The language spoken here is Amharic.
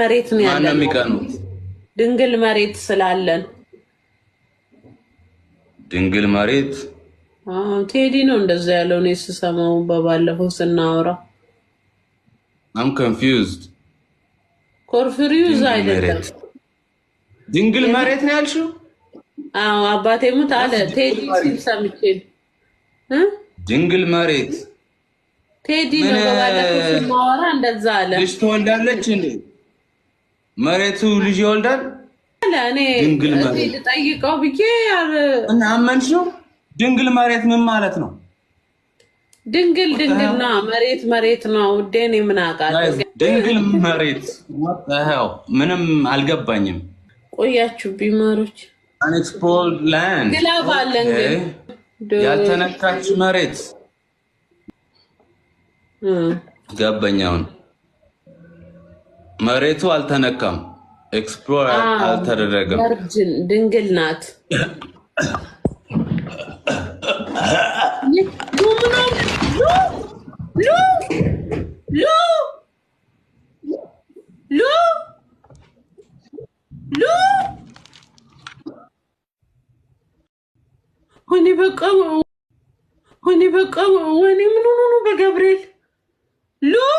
መሬት ነው ድንግል መሬት ስላለን ድንግል መሬት ቴዲ ነው እንደዛ ያለው። እኔ ስሰማው በባለፈው ስናወራ አም ኮንፊውዝድ ኮርፍሪዩዝ አይደለም ድንግል መሬት ነው ያልሽው? አዎ አባቴ ሙት አለ ቴዲ ሲል ሰምቼ ድንግል መሬት ቴዲ ነው ማወራ እንደዛ አለ። ልጅ ትወልዳለች እንዴ? መሬቱ ልጅ ይወልዳል። እኔ ጠይቀው ብዬ እና አመንሽ ነው። ድንግል መሬት ምን ማለት ነው? ድንግል ድንግል ነው፣ መሬት መሬት ነው ውዴ። እኔ ምን አውቃለሁ? ድንግል መሬት ው ምንም አልገባኝም። ቆያችሁ ቢማሮች አንኤክስፕሎርድ ላንድ ግላብ አለ ያልተነካች መሬት ገበኛውን መሬቱ አልተነካም፣ ኤክስፕሎር አልተደረገም። ድንግል ናት። ሆኔ በቃ ሆኔ በቃ ወኔ ምን ሆኖ ነው በገብርኤል Look